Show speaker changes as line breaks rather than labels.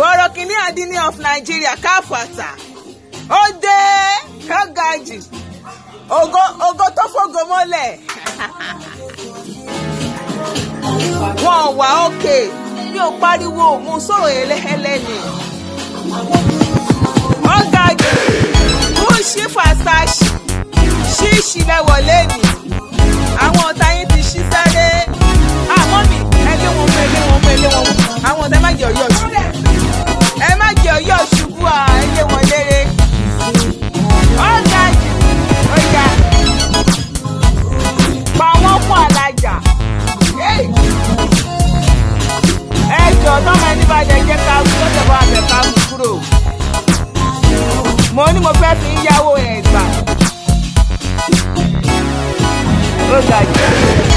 Borokini Adini of Nigeria Kapata Ode Kagaji Ogo Ogo tó fògo mọ́lẹ̀. Wọ́n wà ókè mi ò pariwo òun sọ̀rọ̀ ẹlẹ́hẹ́lẹ́ ni. Wọ́n yáwó ẹ̀gbà. ó ga jù.